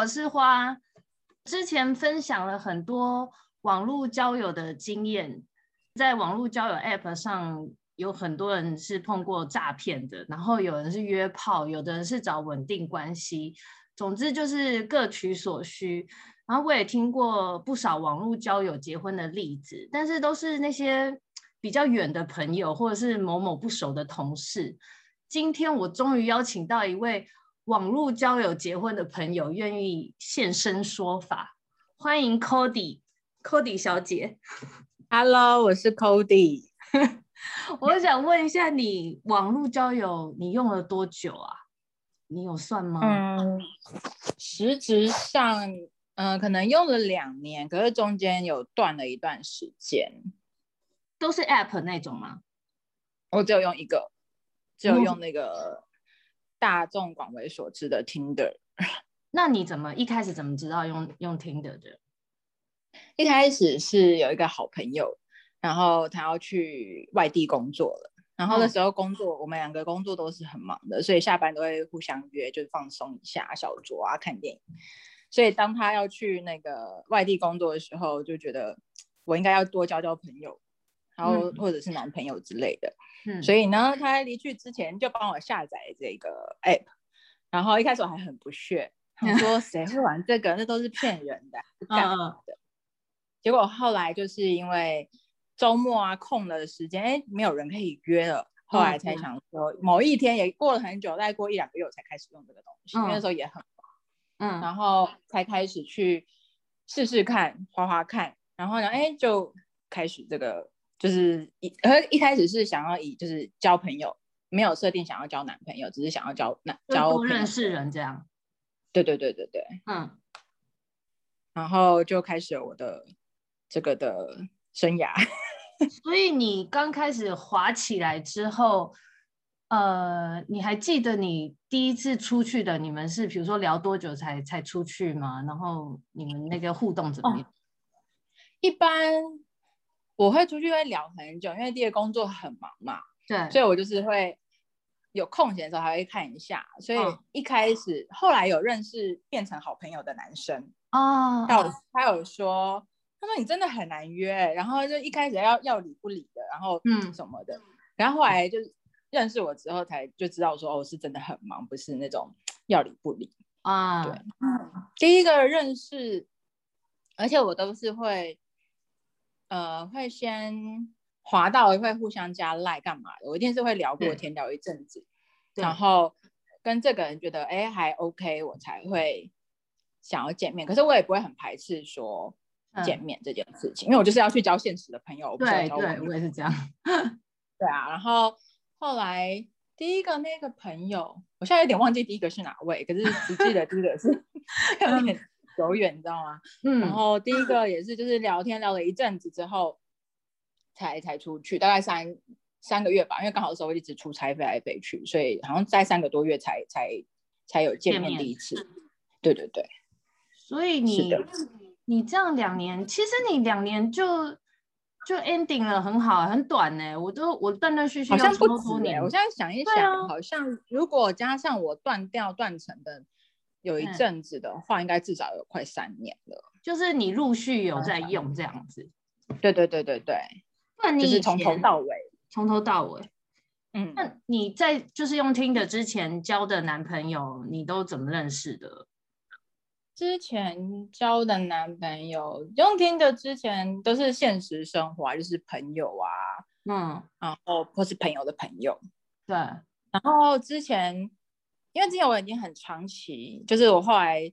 我是花，之前分享了很多網絡交友的經驗，在網絡交友 App 上有很多人是碰過詐騙的，然後有人是約炮，有的人是找穩定關係，總之就是各取所需。然後我也聽過不少網絡交友結婚的例子，但是都是那些比較遠的朋友，或者是某某不熟的同事。今天我終於邀請到一位。網路交友結婚的朋友願意現身說法，歡迎 Cody，Cody 小姐。Hello，我是 Cody。 我想問一下你，你網路交友你用了多久啊？你有算嗎？嗯，實質上，嗯，可能用了兩年，可是中間有斷了一段時間。都是 App 那種嗎？我只有用一個，只有用那個。Oh. 大眾廣為所知的 Tinder。那你怎麼一開始怎麼知道用用 Tinder 的？一開始是有一個好朋友，然後他要去外地工作了，然後那時候工作、嗯、我們兩個工作都是很忙的，所以下班都會互相約，就是放鬆一下小酌啊，看電影。所以當他要去那個外地工作的時候，就覺得我應該要多交交朋友。然後或者是男朋友之類的，嗯、所以呢，他離去之前就幫我下載這個 app，嗯、然後一開始我還很不屑，我說，誰會玩這個？嗯、那都是騙人的，嗯、是幹嘛的？嗯、結果後來就是因為週末啊空了的時間，哎，沒有人可以約了，後來才想說、嗯、某一天也過了很久，再過一兩個月我才開始用這個東西，嗯、因為那時候也很忙，嗯，然後才開始去試試看，滑滑看，然後呢，哎，就開始這個。就是一，呃，一開始是想要以就是交朋友，沒有設定想要交男朋友，只是想要交男交朋友認識人這樣。對對對對對，嗯。然後就開始了我的這個的生涯。 所以你剛開始滑起來之後，呃，你還記得你第一次出去的，你們是比如說聊多久才才出去嗎？然後你們那個互動怎麼樣？哦、一般。我會出去會聊很久，因為第二個工作很忙嘛，對，所以我就是會有空閒的時候還會看一下。所以一開始、哦、後來有認識變成好朋友的男生哦，他有他有說，他說你真的很難約，然後就一開始要要理不理的，然後嗯什麼的，嗯、然後後來就是認識我之後才就知道說我是真的很忙，不是那種要理不理啊。哦、對，第一、嗯、個認識，而且我都是會。呃，會先滑到會互相加賴、like、幹嘛的，我一定是會聊過天對聊一陣子，對然後跟這個人覺得哎還 OK，我才會想要見面。可是我也不會很排斥說見面這件事情，嗯、因為我就是要去交現實的朋友。對，我不想對，對，我也是這樣。 對啊，然後後來第一個那個朋友，我現在有點忘記第一個是哪位，可是實際的第一個是。走遠，你知道嗎？嗯，然後第一個也是，就是聊天聊了一陣子之後才，才才出去，大概三三個月吧，因為剛好的時候一直出差飛來飛去，所以好像在三個多月才才才有見面第一次。面對對對，所以你的你這樣兩年，其實你兩年就就 ending 了，很好，欸，很短呢，欸。我都我斷斷續續好像不止，我現在想一想，啊，好像如果加上我斷掉斷成的。有一陣子的話，嗯、應該至少有快三年了。就是你陸續有在用這樣子。對、嗯、對對對對。那你就是從頭到尾，從頭到尾。嗯。那你在就是用 Tinder 之、之前交的男朋友，你都怎麼認識的？之前交的男朋友用 Tinder 之前都是現實生活、啊，就是朋友啊。嗯。然後或是朋友的朋友。對。然後之前。因為之前我已經很長期，就是我後來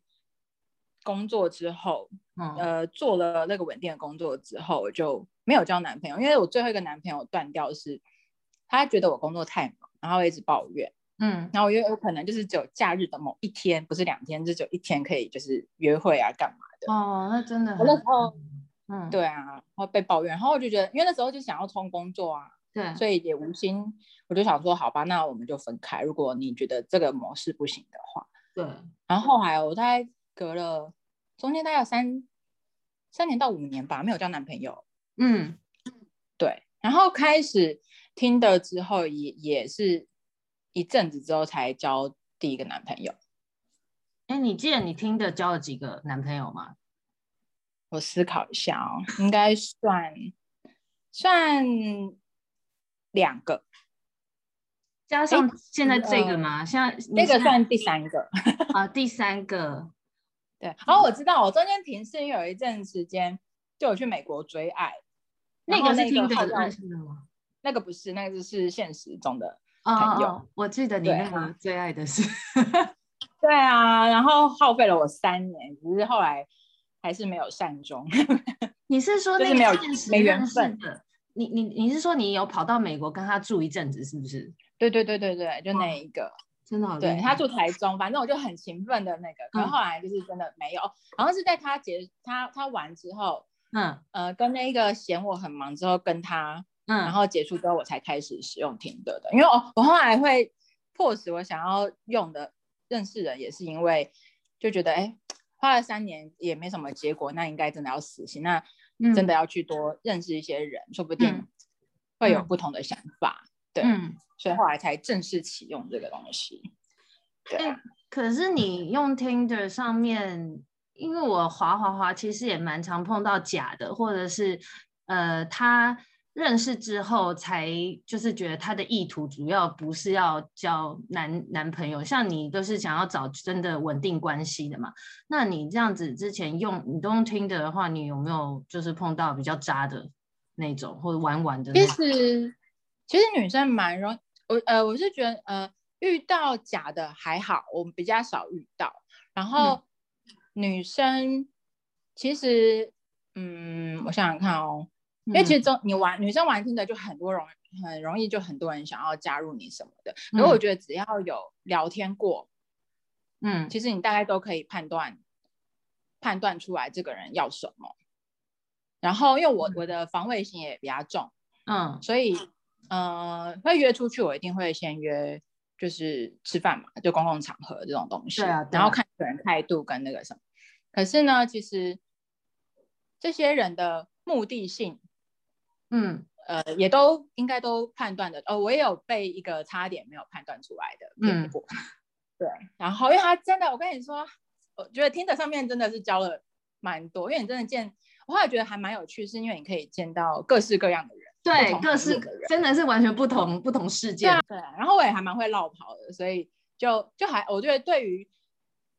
工作之後，嗯、呃，做了那個穩定的工作之後，我就沒有交男朋友。因為我最後一個男朋友斷掉是，他覺得我工作太忙，然後一直抱怨，嗯，然後我又有可能就是只有假日的某一天，不是兩天，就只有一天可以就是約會啊幹嘛的。哦，那真的我那時候，後嗯，對啊，然後被抱怨，然後我就覺得，因為那時候就想要衝工作啊。對，所以也無心，對我就想說，好吧，那我們就分開。如果你覺得這個模式不行的話，對。然後還有、哦，我大概隔了中間大概有三三年到五年吧，沒有交男朋友。嗯，對。然後開始聽的之後也，也也是一陣子之後才交第一個男朋友。哎，你記得你聽的交了幾個男朋友嗎？我思考一下哦，應該算 算。兩個，加上現在這個嗎？欸嗯呃、現在那個算第三個啊、哦，第三個。 對，然後、哦嗯、我知道，我中間停是因有一陣時間，就我去美國追愛。那個，那個是聽的，愛情的嗎？那個不是，那個就是現實中的朋友、哦哦。我記得你那個最愛的是，對， 對啊，然後耗費了我三年，只是後來還是沒有善終。 你是說那個沒緣分的？你你你是說你有跑到美國跟他住一陣子是不是？對對對對對，就那一個，哦、真的對。他住台中，反正我就很勤奮的那個。可是後來就是真的沒有，然後、嗯、是在他結他他完之後，嗯呃跟那一個嫌我很忙之後跟他，嗯、然後結束之後我才開始使用 Tinder 的，因為哦我後來會迫使我想要用的，認識人也是因為就覺得哎花了三年也沒什麼結果，那應該真的要死心那。真的要去多認識一些人，嗯、說不定會有不同的想法。嗯、對，嗯、所以後來才正式啟用這個東西。對、啊。欸、可是你用 Tinder 上面，因為我滑滑滑，其實也蠻常碰到假的，或者是呃他。認識之後才就是覺得他的意圖主要不是要交男男朋友，像你都是想要找真的穩定關係的嘛？那你這樣子之前用你都用 Tinder 的話，你有沒有就是碰到比較渣的那種或者玩玩的那種？其實其實女生蠻容易我呃，我是覺得呃，遇到假的還好，我們比較少遇到。然後、嗯、女生其實嗯，我想想看哦。因為其實中你玩、嗯、女生玩真的就很多容易很容易就很多人想要加入你什麼的，所以、嗯、我覺得只要有聊天過，嗯，其實你大概都可以判斷判斷出來這個人要什麼。然後因為我的、嗯、我的防衛心也比較重，嗯，所以嗯、呃，會約出去我一定會先約就是吃飯嘛，就公共場合這種東西。對啊、嗯，然後看個人態度跟那個什麼。可是呢，其實這些人的目的性。嗯，呃，也都應該都判斷的，呃、哦，我也有被一個差點沒有判斷出來的，嗯，對。然後，因為他真的，我跟你說，我覺得 Tinder 上面真的是交了蠻多，因為你真的見，我後來覺得還蠻有趣，是因為你可以見到各式各樣的人，對，各式真的是完全不同、嗯、不同世界，對。然後我也還蠻會落跑的，所以就就還我覺得對於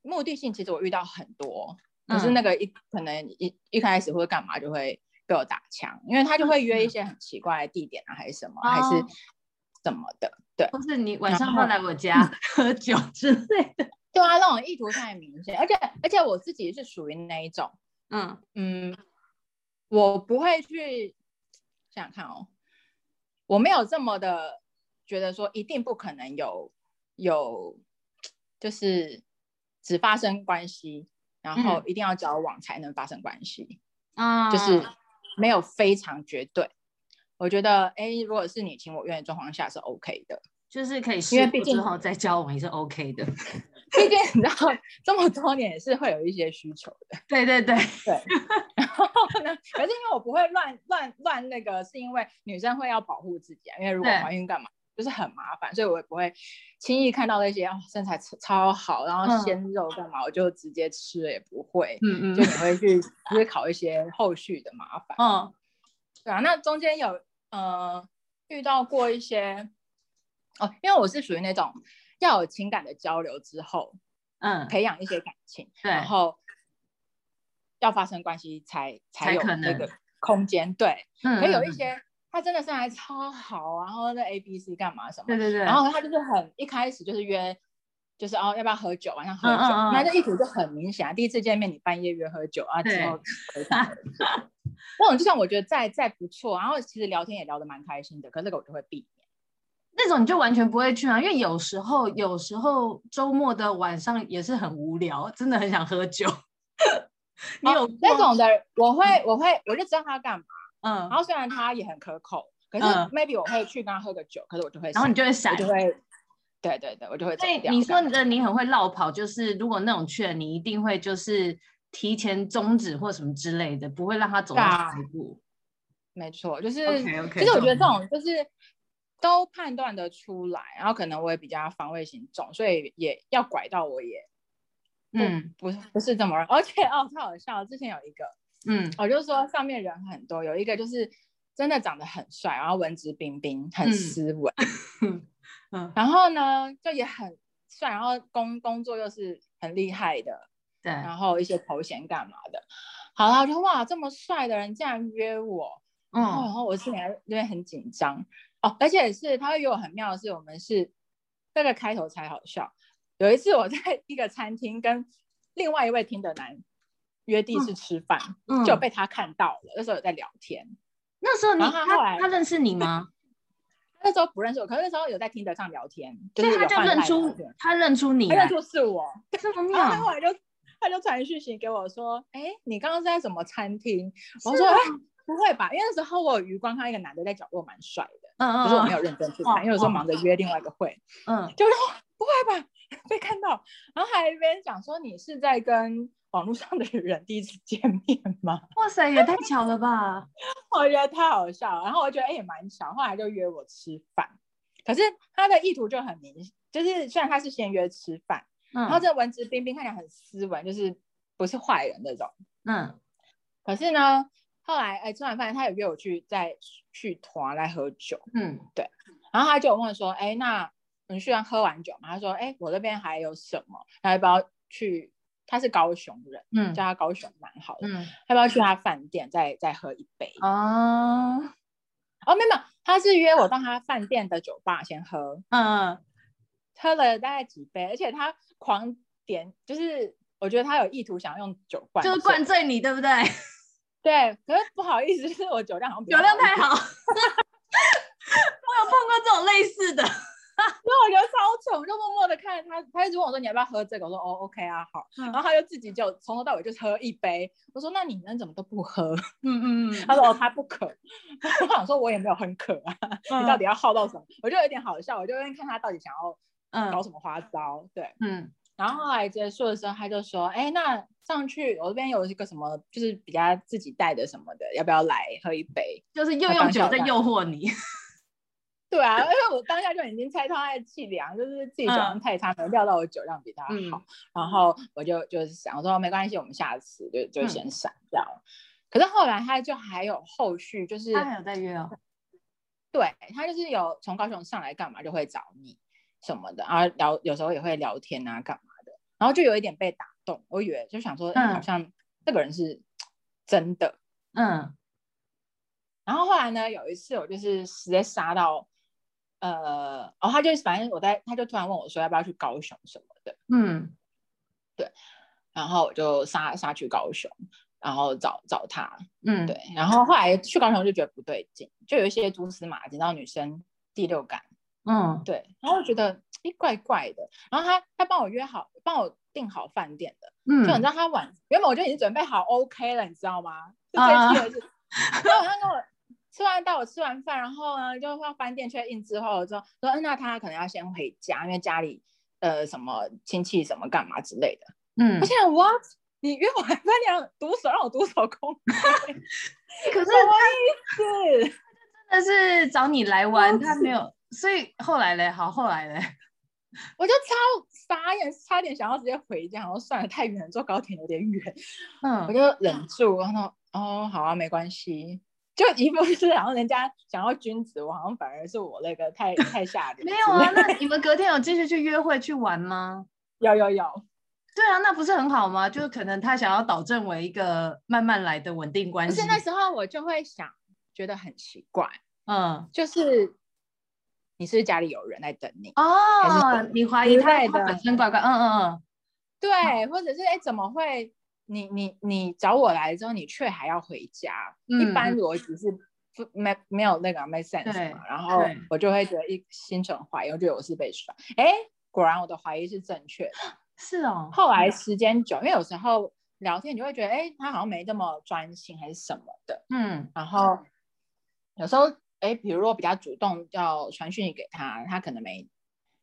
目的性，其實我遇到很多，可、嗯、是那個一可能一一開始會幹嘛就會。被我打槍，因為他就會約一些很奇怪的地點啊，嗯、還是什麼，哦、還是什麼的，對，或是你晚上過來我家後 喝酒之類的，對啊，那種意圖太明顯，而且而且我自己是屬於哪一種，嗯嗯，我不會去想想看哦，我沒有這麼的覺得說一定不可能有有，就是只發生關係，然後一定要交往才能發生關係啊，嗯、就是。嗯沒有非常絕對，我覺得哎，如果是你情我願的狀況下是 OK 的，就是可以，因為畢竟之後再交往也是 OK 的，畢竟， 畢竟你知道這麼多年也是會有一些需求的，對 對對對。然後呢， 可是因為我不會亂亂亂那個，是因為女生會要保護自己啊，因為如果懷孕幹嘛？就是很麻煩，所以我也不會輕易看到那些、哦、身材超好，然後鮮肉幹嘛，我就直接吃了也不會。嗯嗯。就你會去思 考一些後續的麻煩。嗯，對啊。那中間有呃遇到過一些哦，因為我是屬於那種要有情感的交流之後，嗯，培養一些感情，嗯、然後要發生關係才才有那個空間，對，可以有一些。他真的是還超好然後那 A B C 幹嘛什麼？對對對。然後他就是很一開始就是約，就是哦要不要喝酒，晚上喝酒，他、嗯、的意思就很明顯。第一次見面你半夜約喝酒啊，這種對，就 那種就像我覺得再再不錯，然後其實聊天也聊得蠻開心的。可是那個我就會避免，那種你就完全不會去啊，因為有時候有時候周末的晚上也是很無聊，真的很想喝酒。你 有那 種的，我會我會、嗯、我就知道他要幹嘛。嗯，然後雖然他也很可口，可是 maybe 我會去跟他喝個酒，嗯、可是我就會，然後你就會閃，就會，對對對，我就會這樣。你說你的，你很會落跑，就是如果那種去你一定會就是提前終止或什麼之類的，不會讓他走到下一步、啊、沒錯，就是，就是 Okay, okay, 我覺得這種就是都判斷得出來，然後可能我也比較防衛心重，所以也要拐到我也，嗯，嗯，不是不是這麼而且哦，太好笑了，之前有一個。嗯，我就說上面人很多，有一個就是真的長得很帥，然後文質彬彬，很斯文。嗯，嗯嗯，然後呢，就也很帥，然後工工作又是很厲害的，對。然後一些頭銜幹嘛的，好了，啊，我就哇，這麼帥的人竟然約我，嗯，然後我心裡還因為很緊張，嗯，哦，而且是他會約我很妙的是，我們是這個開頭才好笑。有一次我在一個餐廳跟另外一位聽的男。約第一次吃飯，就被他看到了。那時候有在聊天，那時候你他他認識你嗎？那時候不認識我，可是那時候有在 Tinder 上聊天，所以他就認出他認出你，他認出是我。他後來就他就傳訊息給我說：“哎，你剛剛是在什麼餐廳？”我說：“哎，不會吧？”因為那時候我有餘光看一個男的在角落蠻帥的，可是我沒有認真去看，因為有時候忙着約另外一個會，嗯，就然不會吧？被看到，然後還有一邊講說你是在跟網絡上的人第一次見面嗎？哇塞，也太巧了吧！ 我覺得太好笑，然後我覺得哎也蠻巧，後來就約我吃飯。可是他的意圖就很明顯，就是雖然他是先約吃飯，嗯、然後這文質彬彬，看起來很斯文，就是不是壞人那種。嗯，可是呢，後來哎吃完飯，他有約我去再去團來喝酒。嗯，對，然後他就問說，哎那。我們雖然喝完酒嘛，他說：“哎、欸，我這邊還有什麼？要不要去？他是高雄人，嗯，叫他高雄蠻好的，嗯，要不要去他飯店再再喝一杯？”哦，哦，沒有沒有，他是約我到他飯店的酒吧，啊，先喝，嗯，喝了大概幾杯，而且他狂點，就是我覺得他有意圖想用酒灌，就是灌醉你，對不對？對，可是不好意思，是我酒量好像比較好，酒量太好， 我有碰過這種類似的。那 我覺得超醜，我就默默的看着他。他一直問我說：“你要不要喝這個？”我說：“哦，OK 啊，好。”然後他就自己就從頭到尾就喝一杯。我說：“那你們怎麼都不喝？”嗯嗯嗯。嗯 他說：“哦，他不渴。” 我想說：“我也沒有很渴啊，嗯、你到底要耗到什麼？”我就有點好笑，我就在看他到底想要搞什麼花招。嗯、對，嗯。然後後來結束的時候，他就說：“哎、欸，那上去，我這邊有一個什麼，就是比較自己帶的什麼的，要不要來喝一杯？就是又用酒在誘惑你。” 對啊，因為我當下就已經猜到他的伎倆，就是自己酒量太差，沒、嗯、料到我酒量比他好。嗯、然後我就就是想說，沒關係，我們下次就就先閃掉、嗯。可是後來他就還有後續，就是他還有在約哦。對他就是有從高雄上來幹嘛，就會找你什麼的，然後聊，有時候也會聊天啊幹嘛的。然後就有一點被打動，我以為就想說，嗯哎、好像這個人是真的。嗯。嗯然後後來呢，有一次我就是直接殺到。呃，然後，哦，他就反正我在，他就突然問我說要不要去高雄什麼的，嗯，對，然後我就殺殺去高雄，然後找找他，嗯，對，然後後來去高雄就覺得不對勁，就有一些蛛絲馬跡到女生第六感，嗯，對，然後我覺得誒怪怪的，然後他他幫我約好，幫我訂好飯店的，嗯，就你知道他晚，原本我就已經準備好 OK 了，你知道嗎？啊啊啊！然後 他跟我。吃完帶我吃完飯，然後呢就要翻店確認之後，我就說那他可能要先回家，因為家裡呃什麼親戚什麼幹嘛之類的。嗯，而且我 what？你約我吃飯，你打掃讓我打掃工？ 可是他真的是找你來玩，是他沒有，所以後來嘞，好後來嘞， 我就超傻眼，差點想要直接回家，然後算了，太遠，坐高鐵有點遠。嗯，我就忍住，然後哦，好啊，沒關係。就一步就是，然後人家想要君子王，我好像反而是我那個太太嚇人。 沒有啊，那你們隔天有繼續去約會去玩嗎？ 有有有。對啊，那不是很好嗎？就是可能他想要導正為一個慢慢來的穩定關係。可是那時候我就會想，覺得很奇怪，嗯，就是你是不是家裡有人在等你？哦，你懷疑他本身怪怪，嗯嗯嗯，對，好或者是哎怎麼會？你你你找我來之後，你卻還要回家，嗯、一般邏輯是不沒沒有那個沒 sense 對嘛，然後我就會覺得一心存懷疑，我覺得我是被甩。哎、欸，果然我的懷疑是正確的，是哦。後來時間久，嗯、因為有時候聊天，你就會覺得哎、欸，他好像沒那麼專心還是什麼的，嗯。然後有時候哎，欸、比如我比較主動要傳訊息給他，他可能沒，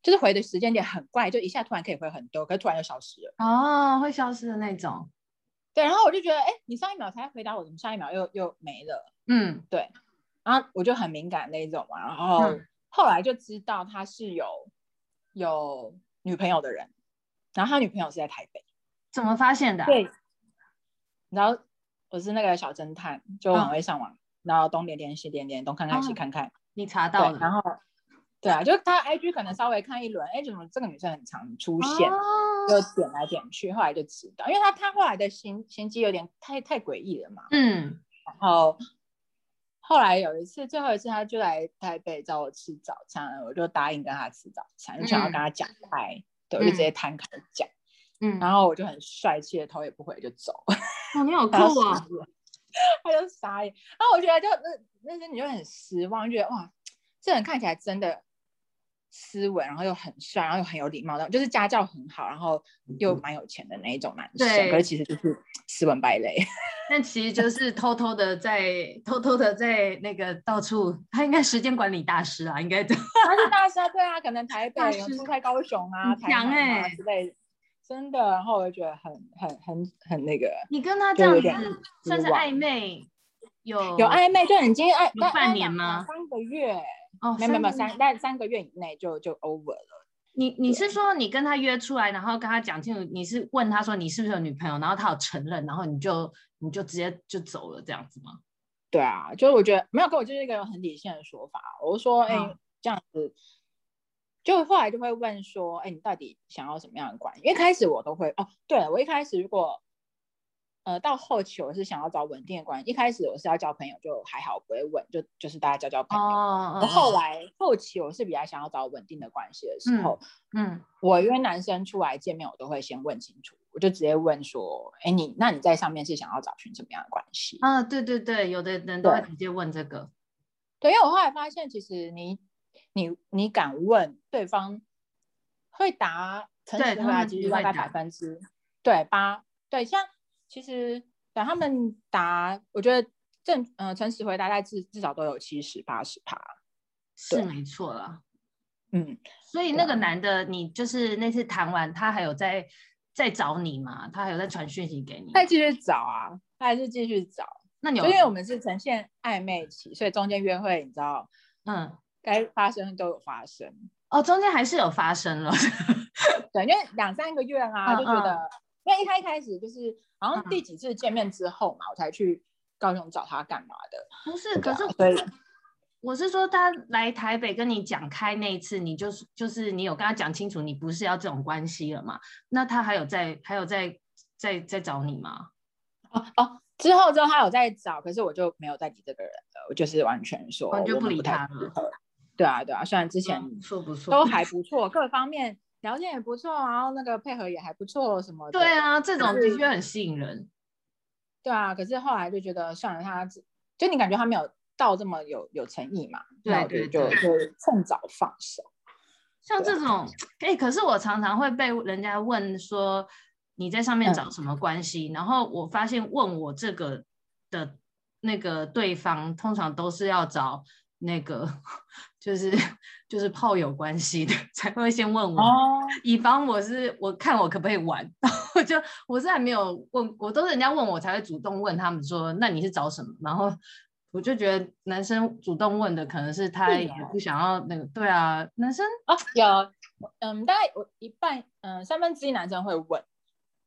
就是回的時間點很怪，就一下突然可以回很多，可是突然就消失了。哦，會消失的那種。對，然後我就覺得，哎，你上一秒才回答我，怎麼下一秒又又沒了？嗯，對，然後我就很敏感那一種嘛。然後後來就知道他是有有女朋友的人，然後他女朋友是在台北。怎麼發現的？對，然後我是那個小偵探，就很會上網，哦、然後東點點西點點，東看看西看看，哦、你查到了對然後。對啊，就是他 IG 可能稍微看一輪，哎，怎麼這個女生很常出現？啊、就點來點去，後來就知道，因為他他後來的心心機有點太太詭異了嘛。嗯，然後後來有一次，最後一次，他就來台北找我吃早餐，我就答應跟他吃早餐，嗯、就想要跟他講開，嗯、對，我就直接攤開講，嗯，然後我就很帥氣的頭也不回就走，哦，你好酷啊！他就傻眼，然後我覺得就那那時你就很失望，覺得哇，這人看起來真的。斯文，然後又很帥，然後又很有禮貌的，就是家教很好，然後又蠻有錢的那一種男生。對，可是其實就是斯文敗類。但其實就是偷偷的在偷偷的在那個到處，他應該時間管理大師啊，應該都他是大師，對啊，可能台北出差高雄啊，台南啊之類，真的。然後我就覺得很很很很那個，你跟他這樣子算是曖昧，有有曖昧，就已經曖昧半年嗎？三個月。哦，沒沒有，三，但三個月以內就就 over 了。你你是說你跟他約出來，然後跟他講清楚，你是問他說你是不是有女朋友，然後他有承認，然後你就你就直接就走了這樣子嗎？對啊，就是我覺得沒有跟我就是一個很理性的說法，我說哎、欸嗯、這樣子，就後來就會問說哎、欸、你到底想要什麼樣的關係？一開始我都會哦、啊，對我一開始如果。呃，到後期我是想要找穩定的關係，一開始我是要交朋友，就還好不會問，就就是大家交交朋友。Oh, oh, oh. 後來後期我是比較想要找穩定的關係的時候，嗯，我約男生出來見面我，嗯、我，見面我都會先問清楚，我就直接問說：“哎、欸，你那你在上面是想要找尋什麼樣的關係？”啊，oh, 對對對，有的人都會直接問這個。對，對，因為我後來發現，其實你你你，你敢問對方，會答對，誠實回程序 答，其實大概百分之對八，對像。其實等他們答，我覺得正嗯、呃、誠實回答，大概至至少都有七十、八十趴，是沒錯啦。嗯，所以那個男的，對你就是那次談完，他還有在在找你嗎？他還有在傳訊息給你？他繼續找啊，他還是繼續找。那你有，因為我們是呈現曖昧期，所以中間約會，你知道，嗯，該發生都有發生。哦，中間還是有發生了， 對，因為兩三個月啊，他、嗯嗯、就覺得。因為一開一開始就是好像第幾次見面之後嘛，嗯、我才去高雄找他幹嘛的？不是，對啊、可是以我是說他來台北跟你講開那一次，你就是就是你有跟他講清楚，你不是要這種關係了嘛？那他還有在還有在在在找你嗎？哦哦，之後之後他有在找，可是我就沒有再理這個人了，我就是完全說、嗯、就不理他了。對啊對啊，對啊雖然之前、嗯、說不不錯，都還不錯，各方面。 條件也不錯，然後那個配合也還不錯，什麼的。對啊，這種的確很吸引人、就是。對啊，可是後來就覺得算了他，他就你感覺他沒有到這麼有有誠意嘛？對,對對，就就趁早放手。像這種，哎對、欸，可是我常常會被人家問說你在上面找什麼關係，嗯、然後我發現問我這個的，那個對方通常都是要找那個。就是就是炮友關係的才會先問我，oh. 以防我是我看我可不可以玩， 我就我是還沒有問，我都是人家問我才會主動問他們說，那你是找什麼？然後我就覺得男生主動問的可能是他也不想要那個，的對啊，男生啊有，嗯，oh, yeah. um, 大概我一半，嗯，三分之一男生會問，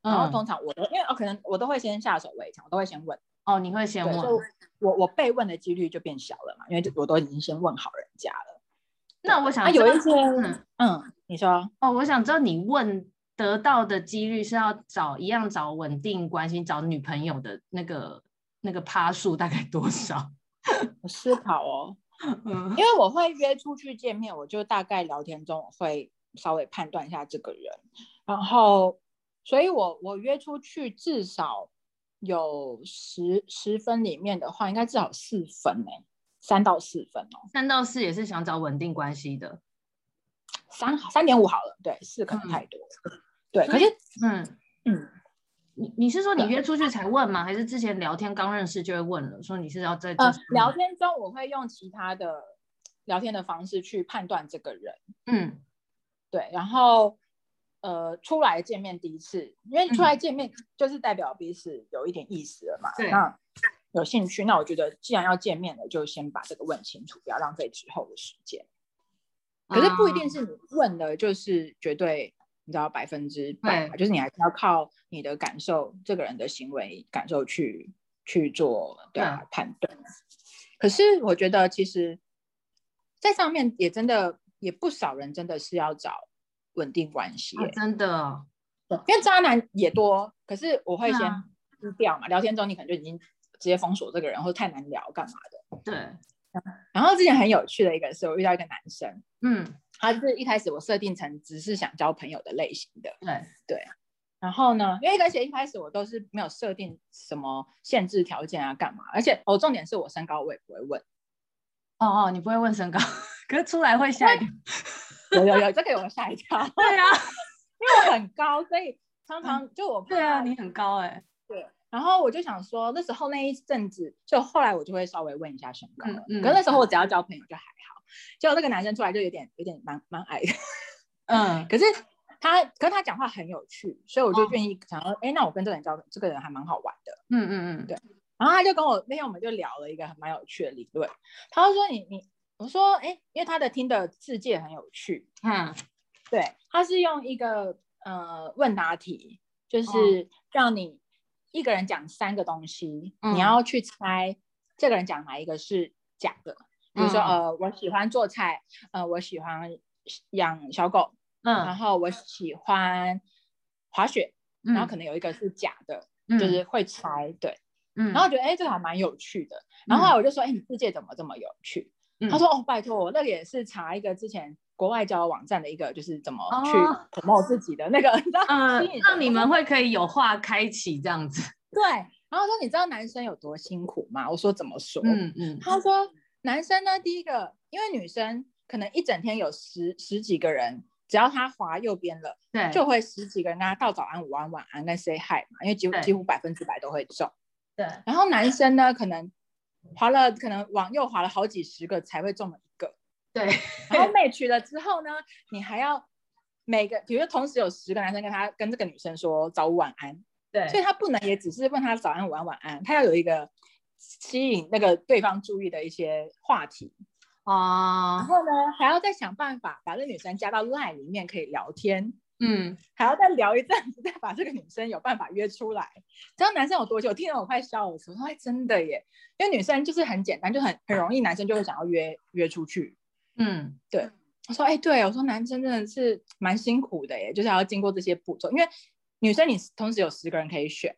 嗯、然後通常我都因為哦，可能我都會先下手為強，我都會先問，哦，oh, 你會先問。我我被問的幾率就變小了嘛，因為這我都已經先問好人家了。那我想，啊、有一些，嗯，你說哦，我想知道你問得到的幾率是要找一樣找穩定關係，嗯、找女朋友的那個那個趴數大概多少？ 我思考哦， 嗯、因為我會約出去見面，我就大概聊天中我會稍微判斷一下這個人，然後，所以我我約出去至少。有十十分裡面的話，應該至少四分呢、欸，三到四分哦、喔，三到四也是想找穩定關係的，三好三點五好了，對，嗯、四可能太多，嗯、對，可是嗯嗯，你你是說你約出去才問嗎？嗯、還是之前聊天剛認識就會問了？說你是要在、呃、聊天中，我會用其他的聊天的方式去判斷這個人，嗯，對，然後。呃，出來見面第一次，因為出來見面就是代表彼此有一點意思了嘛。嗯、那有興趣，那我覺得既然要見面了，就先把這個問清楚，不要浪費之後的時間。可是不一定是你問的，哦、就是絕對你知道百分之百，對就是你還是要靠你的感受，這個人的行為感受去去做對啊判對斷啊。可是我覺得其實，在上面也真的也不少人真的是要找。穩定關係、欸哦，真的、哦，因為渣男也多，可是我會先撕掉嘛。嗯、聊天中你可能就已經直接封鎖這個人，或者太難聊，幹嘛的？對。然後之前很有趣的一個，是我遇到一個男生，嗯，他是一開始我設定成只是想交朋友的類型的，對、嗯、對。然後呢，因為而且一開始我都是沒有設定什麼限制條件啊，幹嘛？而且我、哦、重點是我身高我也不會問。哦哦，你不會問身高，可是出來會嚇一為。 有有有，這給我嚇一跳。對呀，因為我很高，所以常常就我。對啊，你很高哎。對。然後我就想說，那時候那一陣子，就後來我就會稍微問一下身高了。嗯。可那時候我只要交朋友就還好。結果那個男生出來就有點有點蠻蠻矮。嗯。可是他跟他講話很有趣，所以我就願意想說，哎，那我跟這個人交，這個人還蠻好玩的。嗯嗯嗯。對。然後他就跟我那天我們就聊了一個蠻有趣的理論，他就說：“你你。”我說：“哎，因為他的 Tinder 自介很有趣。”嗯，對，他是用一個呃問答題，就是讓你一個人講三個東西，嗯、你要去猜這個人講哪一個是假的。嗯、比如說，呃，我喜歡做菜，呃，我喜歡養小狗，嗯，然後我喜歡滑雪，嗯、然後可能有一個是假的，嗯、就是會猜對。嗯，然後我覺得哎，這個還蠻有趣的。然後，後來我就說：“哎，你自介怎麼這麼有趣？”嗯、他說：“哦，拜託，我那個也是查一個之前國外交友網站的一個，就是怎麼去 promote 自己的那個。哦” 嗯， 那你們會可以有話開啟這樣子。對。然後說：“你知道男生有多辛苦嗎？”我說：“怎麼說？”嗯嗯。嗯，他說：“嗯、男生呢，第一個，因為女生可能一整天有十十幾個人，只要他滑右邊了，嗯、就會十幾個人跟他道早安、午安、晚安，跟 say hi 嘛，因為幾乎、嗯、幾乎百分之百都會中。對。然後男生呢，可能。”滑了，可能往右滑了好幾十個才會中了一個。對，然後 match 了之後呢，你還要每個，比如同時有十個男生跟他跟這個女生說早午晚安。對，所以他不能也只是問他早安晚安晚安，他要有一個吸引那個對方注意的一些話題啊。嗯、然後呢，還要再想辦法把那女生加到 Line 裡面可以聊天。嗯，還要再聊一陣子，再把這個女生有辦法約出來。知道男生有多久？我聽到我快笑，我說：“哎，真的耶，因為女生就是很簡單，就很很容易，男生就會想要約約出去。”嗯，對。我說：“哎、欸，對。”我說：“男生真的是蠻辛苦的耶，就是要經過這些步驟，因為女生你同時有十個人可以選，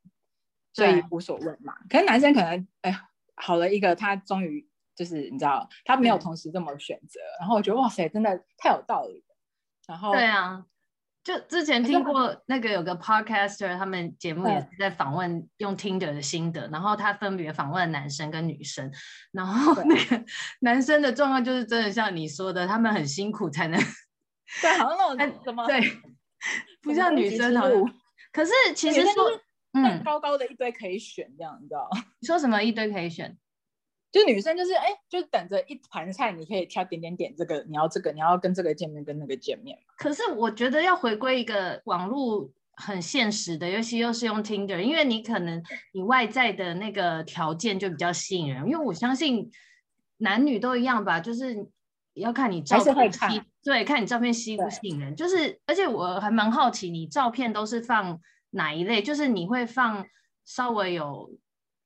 所以無所謂嘛。對可是男生可能哎，好了一個，他終於就是你知道，他沒有同時這麼選擇。對然後我覺得哇塞，真的太有道理了。然後對啊。就之前聽過那個有個 podcaster，他們節目也是在訪問用 Tinder 的心得，對然後他分別訪問男生跟女生，然後那個男生的狀況就是真的像你說的，他們很辛苦才能，對，哎、好像那種、哎、麼對，不像女生像，可是其實說，嗯，高高的一堆可以選，這樣你知道？你說什麼一堆可以選？就女生就是哎、欸，就等着一盤菜，你可以挑點點點這個，你要這個，你要跟這個見面，跟那個見面。可是我覺得要回歸一個網絡很現實的，尤其又是用 Tinder，因為你可能你外在的那個條件就比較吸引人。因為我相信男女都一樣吧，就是要看你照片吸，是對，看你照片吸不吸引人。對。就是而且我還蠻好奇，你照片都是放哪一類？就是你會放稍微有。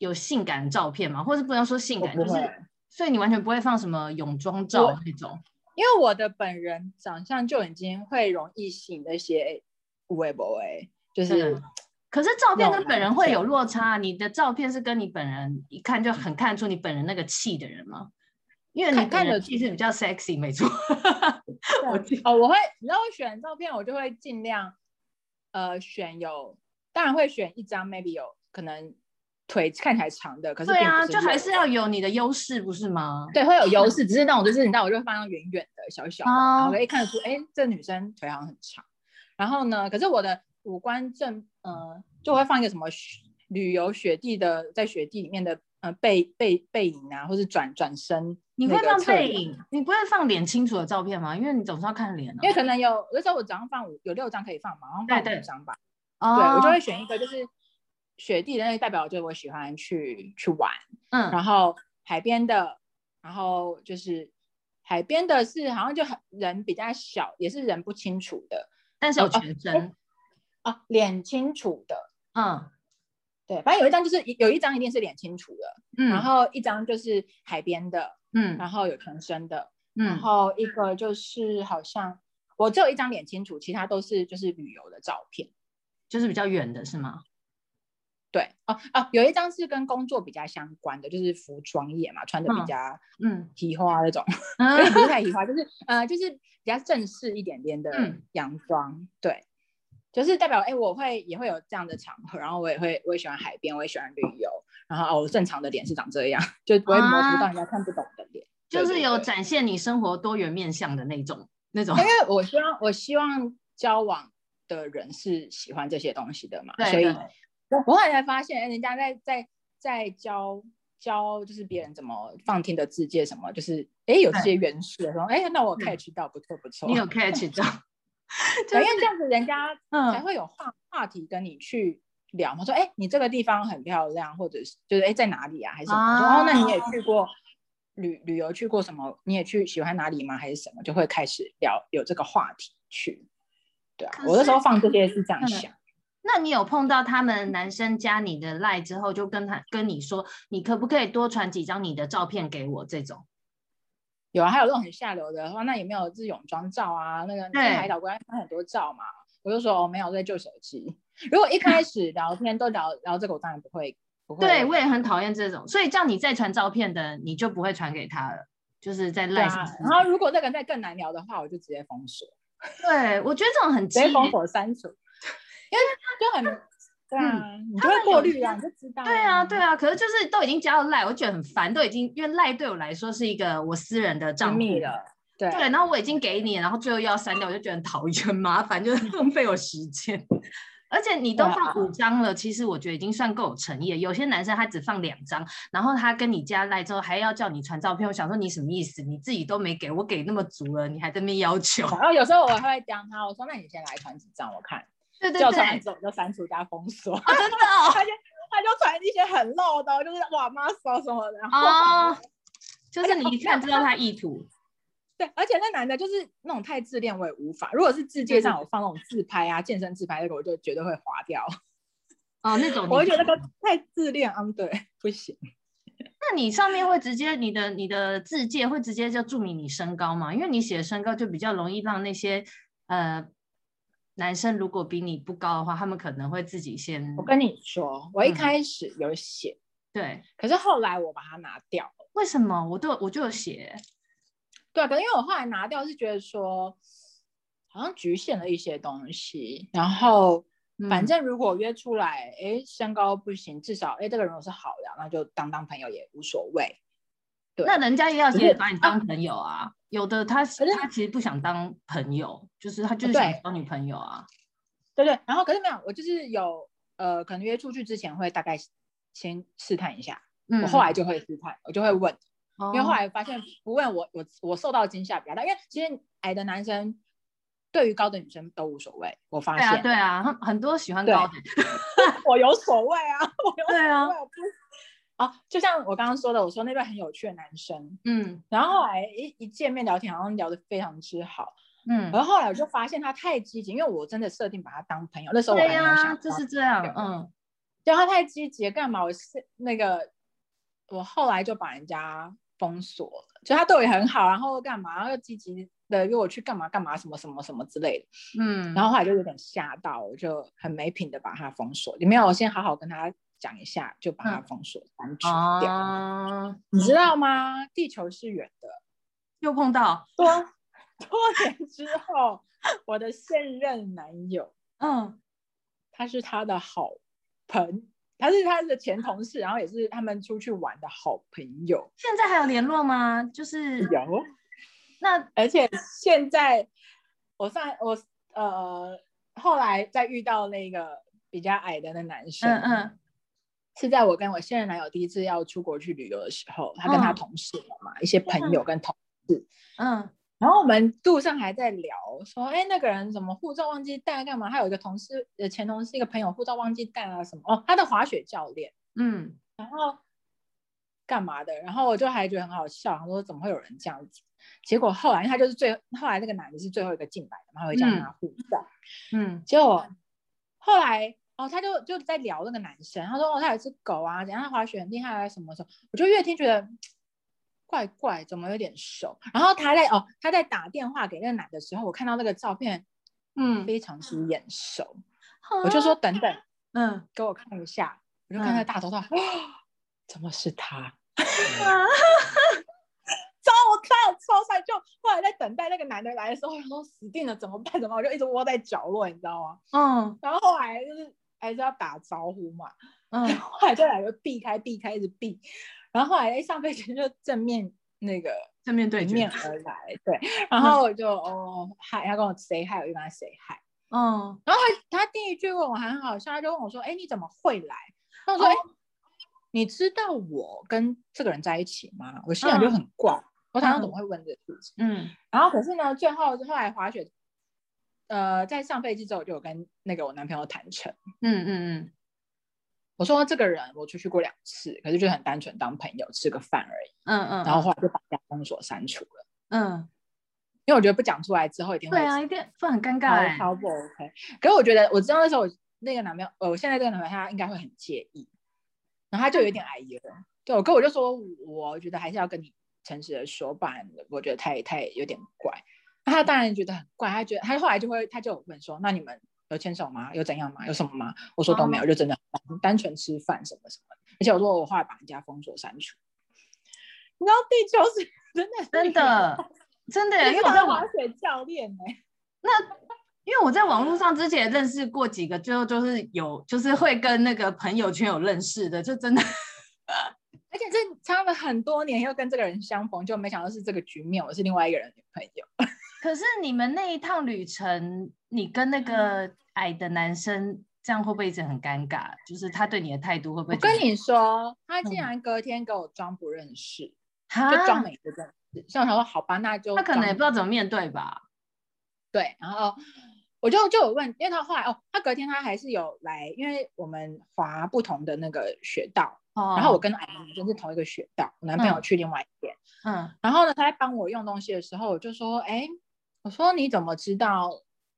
有性感的照片嗎？或者不要說性感的，就是所以你完全不會放什麼泳裝照那種，因為我的本人長相就已經會容易吸引那些 w e b 就是，是。可是照片跟本人會有落差、啊，的你的照片是跟你本人一看就很看出你本人那個氣的人嗎？因為你本人其實比較 sexy，沒錯。我 對 哦，我會，你知道我選照片，我就會盡量，呃，選有，當然會選一張 maybe 有可能。腿看起來長的，可是，是對啊，就還是要有你的優勢，不是嗎？對，會有優勢，只是那種就是你知道，但我就會放到遠遠的、小小的，oh. 然後可以看得出，哎、欸，這女生腿好像很長。然後呢，可是我的五官正，呃，就會放一個什麼旅遊雪地的，在雪地裡面的，呃，背背背影啊，或是轉轉身。你會放背影，你不會放臉清楚的照片嗎？因為你總是要看臉。啊，因為可能有，有時候我早上放五有六張可以放嘛，然後放五張吧。哦。對，對、oh. 我就會選一個就是。雪地的那代表就是我喜歡去去玩，嗯，然後海邊的，然後就是海邊的是好像就很人比較小，也是人不清楚的，但是有全身，啊、哦哦哦，臉清楚的，嗯，對，反正有一張就是有一張一定是臉清楚的，嗯，然後一張就是海邊的，嗯，然後有全身的，嗯，然後一個就是好像我只有一張臉清楚，其他都是就是旅遊的照片，就是比較遠的是嗎？對哦哦，有一張是跟工作比較相關的，就是服裝業嘛，穿的比較嗯提、嗯、花那種，嗯、不是太提花， 就是呃就是比較正式一點點的洋裝，嗯、對，就是代表哎、欸、我會也會有這樣的場合，然後我也會我也喜歡海邊，我也喜歡旅遊，然後、哦、我正常的臉是長這樣，就不會模糊到人家看不懂的臉，就是有展現你生活多元面向的那種那種，因為我希望我希望交往的人是喜歡這些東西的嘛，對對對，所以。我後來才發現，哎，人家在在在教教，就是別人怎麼放聽的自介什麼，嗯、就是哎有這些元素，說哎、嗯，那我 catch 到，不錯不錯。嗯、你有 catch 到，因為這樣子人家才會有話、嗯、話題跟你去聊嘛，說哎，你這個地方很漂亮，或者是就是哎在哪裡啊，還是然後哦，那你也去過旅旅遊，去過什麼？你也去喜歡哪裡嗎？還是什麼？就會開始聊有這個話題去，對啊，才我那時候放這些是這樣想。嗯嗯那你有碰到他們男生加你的賴之後，就跟他、嗯、跟你說，你可不可以多傳幾張你的照片給我？這種有啊，還有那種很下流的話，那也沒有是泳裝照啊，那個海島國家拍很多照嘛，對我就說我沒有，在舊手機。如果一開始聊天都聊聊 這個，我當然不會不會。對，我也很討厭這種，所以叫你再傳照片的，你就不會傳給他了，就是在賴、啊。然後如果那個人再更難聊的話，我就直接封鎖。 對，我覺得這種很直接封鎖刪除。因為他就很，嗯、對啊，他會過濾啊，他知道。對啊，對啊，可是就是都已經加了賴，我覺得很煩。都已經，因為賴對我來說是一個我私人的賬密了。對。對，然後我已經給你，然後最後又要刪掉，我就覺得很討厭，麻煩，就是浪費我時間。 而且你都放五張了，啊、其實我覺得已經算夠有誠意了。有些男生他只放兩張，然後他跟你加賴之後還要叫你傳照片，我想說你什麼意思？你自己都沒給，我給那麼足了，你還對面要求。然後、哦、有時候我還會講他，我說：“那你先來傳幾張我看。”叫刪走的刪除加封鎖，真的、哦， 他就、哦、他就傳一些很露的，就是哇媽騷什麼的，然後、哦、哇就是你一看、哎、知道他意圖。對，而且那男的就是那種太自戀，我也無法。如果是自介上我放那種自拍啊、對對對健身自拍那個，我就絕對會滑掉。哦，那種我覺得那個太自戀啊，對，不行。那你上面會直接你的你的自介會直接就注明你身高嗎？因為你寫身高就比較容易讓那些呃。男生如果比你不高的話，他們可能會自己先。我跟你說，我一開始有寫、嗯，對，可是後來我把它拿掉了。為什麼？我都我就有寫，對啊，可能因為我後來拿掉是覺得說，好像局限了一些東西。然後，反正如果約出來，哎、嗯，身高不行，至少哎這個人是好的，那就當當朋友也無所謂。對那人家也要先把你當朋友啊，啊有的他是他其實不想當朋友，就是他就是想當女朋友啊，對，對對。然後可是沒有，我就是有呃，可能約出去之前會大概先試探一下，嗯、我後來就會試探，我就會問，嗯、因為後來發現不問我，我我受到驚嚇比較大，因為其實矮的男生對於高的女生都無所謂，我發現。對啊，對啊，很多喜歡高的對， 我有所謂啊，我有所謂啊。對啊。哦，就像我剛剛說的，我說那個很有趣的男生，嗯，然後後來一一見面聊天，好像聊得非常之好，嗯，然後後來我就發現他太積極，因為我真的設定把他當朋友，那時候我還沒有想，對啊，就是這樣，對嗯，對，他太積極幹嘛我？我是那個，我後來就把人家封鎖了，就他對我也很好，然後幹嘛又積極的約我去幹嘛幹嘛什麼什麼什麼之類的，嗯，然後後來就有點嚇到，我就很沒品的把他封鎖，你沒有先好好跟他。講一下就把它封鎖刪除掉了，你、啊嗯、知道嗎？地球是圓的，又碰到多多年之後， 我的現任男友，嗯，他是他的好朋友，他是他的前同事，然後也是他們出去玩的好朋友。現在還有聯絡嗎？就是有。那而且現在我上我呃後來再遇到那個比較矮的那男生，嗯，嗯。是在我跟我現任男友第一次要出國去旅遊的時候，他跟他同事了嘛，嗯、一些朋友跟同事，嗯，嗯，然後我們路上還在聊，說，哎、欸，那個人怎麼護照忘記帶幹嘛？他有一個同事，呃，前同事一個朋友護照忘記帶了、啊、什麼？哦，他的滑雪教練，嗯，然後幹嘛的？然後我就還覺得很好笑，我說怎麼會有人這樣子？結果後來他就是最後，後來那個男的是最後一個進來的，他回家拿護照，嗯，嗯，結果、嗯、後來。哦，他就就在聊那個男生，他說哦，他有隻狗啊，怎樣？他滑雪很厲害還、啊、是什麼時候？我就越聽覺得怪怪，怎麼有點熟？然後他在哦，他在打電話給那個男的，的時候，我看到那個照片，嗯，非常之眼熟。嗯、我就說等等，嗯，嗯給我看一下。嗯、我就看他的大頭照，哇、嗯哦，怎麼是他？哈哈、啊，超帥，超帥！就後來在等待那個男的來的時候，我說死定了，怎麼辦？怎麼我就一直窩在角落，你知道嗎？嗯，然後後來就是。還是要打招呼嘛，嗯，後來這兩個避開避開一直避，然後後來哎上飛機就正面，那個正面對面而來，對，uh huh. 然後我就哦嗨，hi, 他跟我 say hi，我問他 say hi，嗯、huh.，然後他他第一句問我很好笑，他就問我說，哎，你怎麼會來？我說哎、uh huh.，你知道我跟這個人在一起嗎？我心想就很怪，uh huh. 我想怎麼會問這個事情？Uh huh. 嗯，然後可是呢，最後就是後來滑雪。呃，在上飛機之後，我就有跟那個我男朋友坦誠，嗯嗯嗯，我說這個人我出去過兩次，可是就很單純當朋友吃個飯而已。嗯嗯，然後後來就把家封鎖刪除了。嗯，因為我覺得不講出來之後，一定會對啊，一定會很尷尬，好不 OK。可是我覺得，我知道那時候我那個男朋友，呃，我現在這個男朋友他應該會很介意，然後他就有點哎呦，對我，跟我就說我，我覺得還是要跟你誠實的說吧，我覺得太太有點怪。他當然覺得很怪，他覺得他後來就會，他就問說：“那你們有牽手嗎？有怎樣嗎？有什麼嗎？”我說都沒有，哦、就真的很單純，單純吃飯什麼什麼。而且我說我後來把人家封鎖刪除。你知道地球是真的、真的、真的， 真的因為我在滑雪教練哎。那因為我在網絡上之前認識過幾個，最後那 就是有就是會跟那個朋友圈有認識的，就真的。 而且這差了很多年，又跟這個人相逢，就沒想到是這個局面。我是另外一個人的女朋友。可是你們那一趟旅程，你跟那個矮的男生這樣會不會很尷尬？就是他對你的態度會不會？我跟你說，他竟然隔天給我裝不認識，嗯、就裝沒的這樣。笑笑說：“好吧，那就……”他可能也不知道怎麼面對吧。對，然後我就就有問，因為他後來哦，他隔天他還是有來，因為我們滑不同的那個雪道，哦、然後我跟矮的男生是同一個雪道，我男朋友去另外一邊、嗯。嗯，然後呢，他在幫我用東西的時候，我就說：“哎、欸。”我說，你怎麼知道？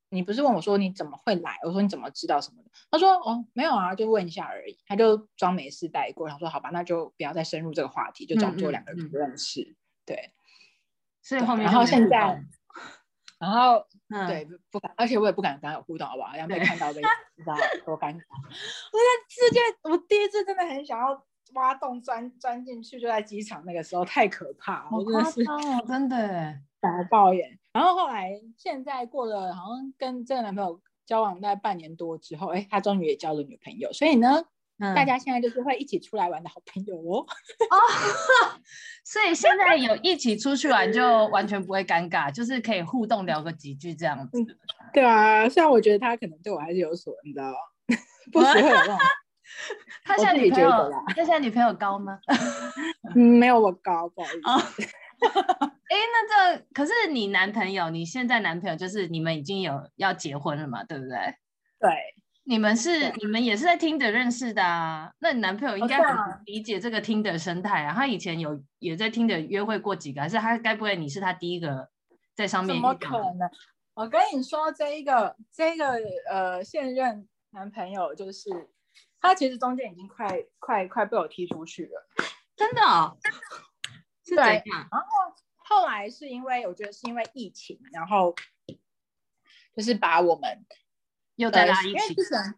你不是問我說，你怎麼會來？我說你怎麼知道什麼的？他說哦沒有啊，就問一下而已。他就裝沒事帶過。然後說好吧，那就不要再深入這個話題，就裝作兩個人不認識。嗯、對，所以後面然後現在，然後、嗯、對不敢，而且我也不敢跟他有互動，好不好？要、嗯、被看到對被知道多尷尬。 我在世界，我第一次真的很想要挖洞鑽鑽進去，就在機場那個時候，太可怕我、哦、真的真的打爆眼。然後後來，現在過了好像跟這個男朋友交往大概半年多之後，哎，他終於也交了女朋友。所以呢，嗯、大家現在就是會一起出來玩的好朋友哦。哦， 所以現在有一起出去玩就完全不會尷尬，是就是可以互動聊個幾句這樣子、嗯。對啊，像我覺得他可能對我還是有所，你知道嗎？不習慣。他現在女朋友？他現在女朋友高嗎？ 沒有我高，不好意思。哦哎， 那這個、可是你男朋友，你現在男朋友就是你們已經有要結婚了嘛，對不對？對，你們是對你們也是在 Tinder 認識的、啊，那你男朋友應該很理解這個 Tinder 生態啊。啊他以前有也在 Tinder 約會過幾個，還是他該不會你是他第一個在上面？怎麼可能？我跟你說，這一個這一個呃現任男朋友就是他，其實中間已經快快快被我踢出去了，真的，哦、真的，真是對，然後後來是因為我覺得是因為疫情，然後就是把我們又拉在一起。因為之前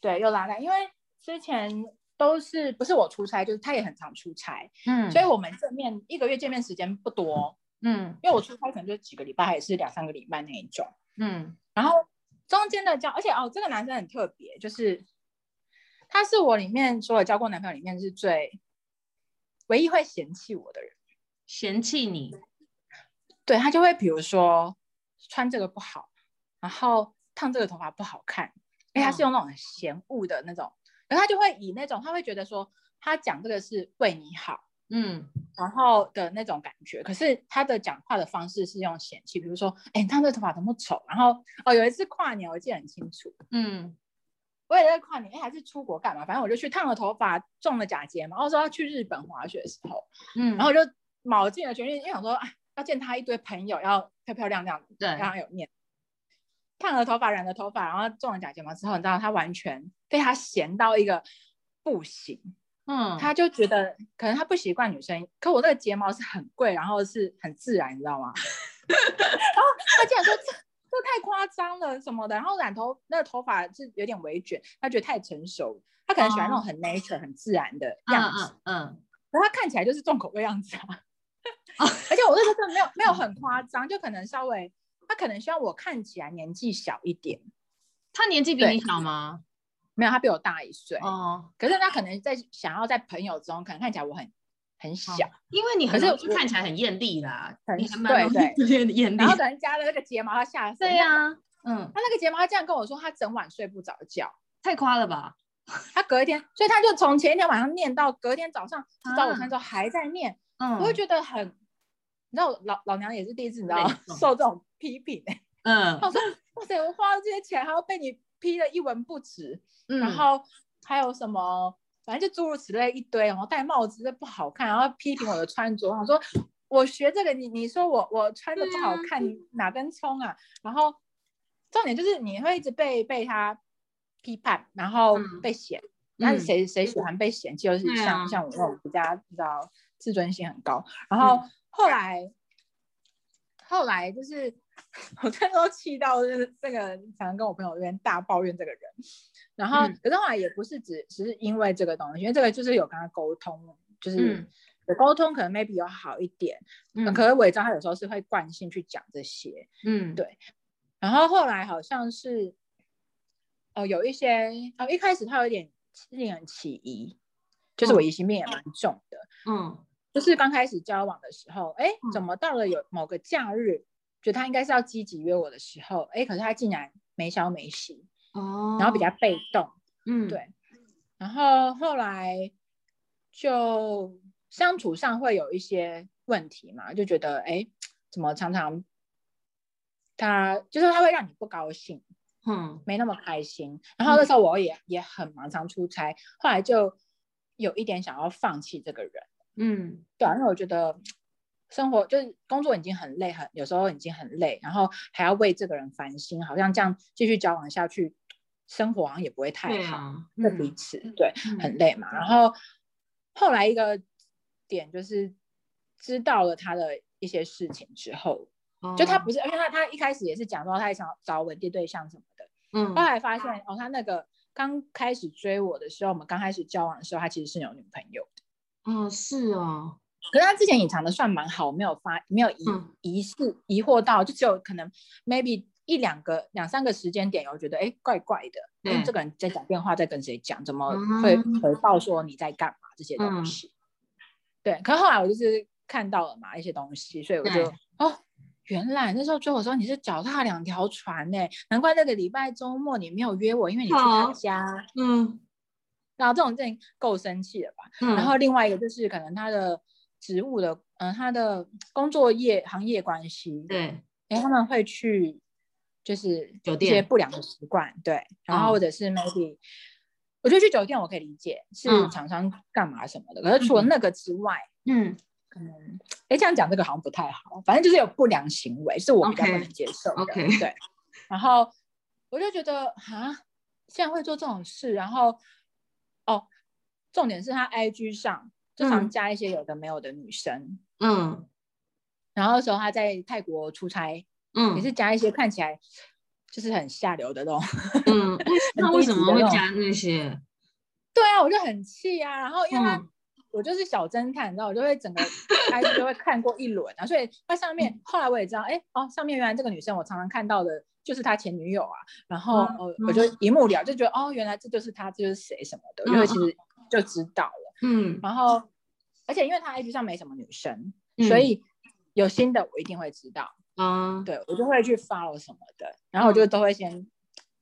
對又拉來，因為之前都是不是我出差，就是他也很常出差。嗯，所以我們見面一個月見面時間不多。嗯，因為我出差可能就幾個禮拜，還是兩三個禮拜那一種。嗯，然後中間的交，而且哦，這個男生很特別，就是他是我裡面所有交過男朋友裡面是最唯一會嫌棄我的人。嫌棄你，對，他就會比如說穿這個不好，然後燙這個頭髮不好看，因為，他是用那種嫌惡的那種，哦、然後他就會以那種他會覺得說他講這個是為你好，嗯，然後的那種感覺，可是他的講話的方式是用嫌棄，比如說哎你燙這個頭髮怎麼醜，然後哦有一次跨年我記得很清楚，嗯，我也在跨年，哎還是出國幹嘛，反正我就去燙了頭髮，種了假睫毛，然後說要去日本滑雪的時候，嗯，然後我就。卯盡了全力，因為想說啊，要見他一堆朋友，要漂漂亮亮的，讓他有面。燙對了頭髮，染了頭髮，然後種了假睫毛之後，你知道他完全被他嫌到一個不行。嗯，他就覺得可能他不習慣女生。可我那個睫毛是很貴，然後是很自然，你知道嗎？ 然後他竟然說這，這太誇張了什麼的。然後染頭那個頭髮是有點微卷，他覺得太成熟，他可能喜歡那種很 nature、嗯、很自然的樣子。嗯然嗯，嗯嗯然後他看起來就是重口味樣子啊。啊！而且我那時候沒有沒有很誇張，就可能稍微，他可能希望我看起來年紀小一點。他年紀比你小嗎？沒有，他比我大一歲。哦。可是他可能在想要在朋友中，可能看起來我很很小。因為你可是有看起來很豔麗啦，你還蠻豔麗。然後可能加了那個睫毛，他嚇。對呀。嗯。他那個睫毛，他這樣跟我說，他整晚睡不着覺。太誇了吧？他隔一天，所以他就從前一天晚上念到隔一天早上吃早餐之後還在念。嗯。我會覺得很。你知道老老娘也是第一次，你知道受這種批評欸，嗯，他說哇塞，我花了這些錢，還要被你批得一文不值，嗯，然後還有什麼，反正就諸如此類一堆，然後戴帽子這不好看，然後批評我的穿着，他說我學這個，你你說我我穿的不好看，你哪根蔥啊？然後重點就是你會一直被被他批判，然後被嫌，那是誰誰喜歡被嫌棄？就是像像我這種人家知道自尊心很高，然後。後來，後來就是我真的都氣到，就是這個常常跟我朋友一邊大抱怨這個人。然後，嗯、可是後來也不是只只是因為這個東西，因為這個就是有跟他溝通，就是、嗯、有溝通可能 maybe 有好一點，嗯，可是偽裝他有時候是會慣性去講這些，嗯，對。然後後來好像是，哦、呃，有一些，哦、呃，一開始他有一點令人起疑，就是我疑心病也蠻重的，嗯。嗯就是剛開始交往的時候，哎，怎麼到了有某個假日，嗯、覺得他應該是要積極約我的時候，哎，可是他竟然沒消沒息哦，然後比較被動，嗯，對，然後後來就相處上會有一些問題嘛，就覺得哎，怎麼常常他就是他會讓你不高興，嗯，沒那麼開心，然後那時候我也、嗯、也很忙，常出差，後來就有一點想要放棄這個人。嗯，對然、啊、因為我覺得生活就是工作已經很累，很有時候已經很累，然後還要為這個人煩心，好像這樣繼續交往下去，生活好像也不會太好。那、啊、彼此、嗯、對、嗯、很累嘛。嗯、然後後來一個點就是知道了他的一些事情之後，嗯、就他不是，因為他他一開始也是講說他也想找穩定對象什麼的。嗯，後來發現、啊、哦，他那個剛開始追我的時候，我們剛開始交往的時候，他其實是有女朋友。嗯、哦，是哦。可是他之前隱藏的算蠻好，沒有發，沒有疑、嗯、疑似疑惑到，就只有可能 maybe 一兩個兩三個時間點，我覺得哎怪怪的、嗯，這個人在講電話，在跟誰講，怎麼會、嗯、回報說你在幹嘛這些東西？嗯、對，可後來我就是看到了嘛一些東西，所以我就、嗯、哦，原來那時候追我說你是腳踏兩條船呢、欸，難怪那個禮拜周末你沒有約我，因為你去他家，嗯。然後這種事情夠生氣了吧？嗯、然後另外一個就是可能他的職務的，嗯，他的工作業行業關係，對。哎，他們會去就是一些不良的習慣，店對。然後或者是 maybe、嗯、我覺得去酒店我可以理解是廠商幹嘛什麼的，嗯、可是除了那個之外，嗯，可能哎這樣講這個好像不太好，反正就是有不良行為是我比較不能接受的。Okay, okay. 對。然後我就覺得哈，現在會做這種事，然後。哦，重點是他 IG 上經常加一些有的沒有的女生，嗯，然後那時候他在泰國出差，嗯，也是加一些看起來就是很下流的那種，嗯，那為什麼會加那些？對啊，我就很氣啊，然後因為他、嗯、我就是小偵探，然後我就會整個 IG 就會看過一輪啊，所以他上面 後來我也知道，哎哦，上面原來這個女生我常常看到的。就是他前女友啊，然後、嗯嗯、我就一目了，就覺得哦，原來這就是他，這就是誰什麼的，因為、嗯、其實就知道了。嗯，然後而且因為他 IG 上沒什麼女生，嗯、所以有新的我一定會知道啊。嗯、對，我就會去 follow 什麼的，然後我就都會先